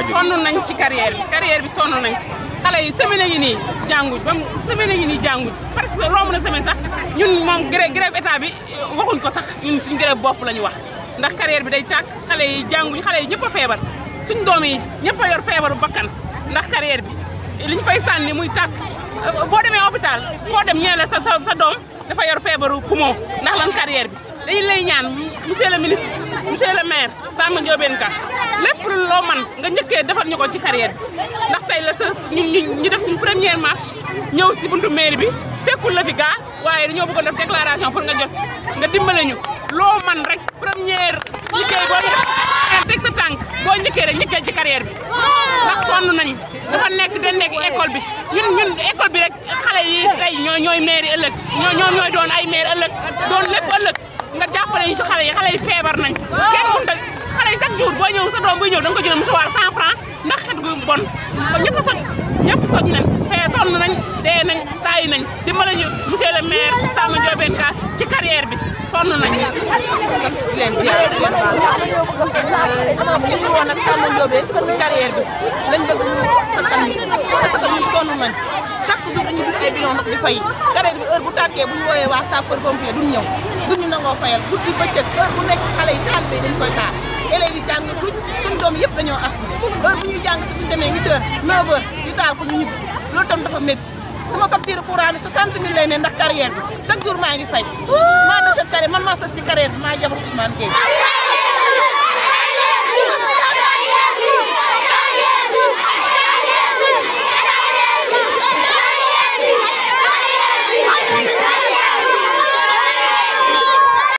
waajur sonn nañ ci carrière bi carrière bi sonn nañ si xale yi semaine ngi nii jànguñ ba mu semaine ngi nii jànguñ parce que romb na semaine sax ñun moom grève grève état bi eh, waxuñ ko sax ñun suñ grève bopp la ñu wax ndax carrière bi day tàkk xale yi jànguñ xale yi ñëpp a feebar suñ doom yi ñëpp yor feebar bakkan ndax carrière bi li ñu fay sànni muy tàkk eh, boo demee hôpital koo dem ñee la sa sa doom dafa yor feebaru poumon ndax lan carrière bi dañu lay ñaan monsieur le ministre monsieur le maire Samba Ndiobène Ka lépp lu loo man nga njëkkee defal ñu ko ci carrière bi ndax tey la sa ñu ñu def suñu première marche ñëw si buntu mairie bi fekkul la fi gaa waaye dañoo bëggoon def déclaration pour nga jos nga dimbale ñu loo man rek première liggéey boo def teg sa tànk boo njëkkee rek njëkkee ci carrière bi ndax sonn nañu dafa nekk dañ nekk école bi ñun ñun école bi rek xale yi tey ñoo ñooy ëllëg ñoo ñoo ñooy doon ay maire ëllëg feebar nañ kenn mënut a xale yi chaque jour boo ñëw sa doom buy ñëw da nga ko jël musuwaar 100 francs ndax xet gu bon ñëpp soj ñëpp soj nañ fee sonn nañ dee nañ taayi nañ dimbale ñu monsieur le maire Samba Ka ci bi sonn nañ sant di leen ziar euh, ñu ngi woon ak Samba Ndiobène ci carrière bi lañ bëgg ñu santal ñu parce que ñun sonn chaque jour dañu ay bidon ndox fay carré bi heure bu tàkkee bu ñu wooyee waa sapeur pompier duñ ñëw duñu nangoo fayal guddi bëccëg heure bu nekk xale yi taalibe yi dañ koy taal élèves yi jàng tuñ suñ doom yëpp dañoo asma heure bu ñuy jàng si demee 8 heures 9 heures ñu taal ko loolu tam dafa métti sama facture courant bi 60 000 lay ne ndax carrière bi chaque jour maa ngi fay maa dëkk carré man maa sës ci carrière bi maa jabar Ousmane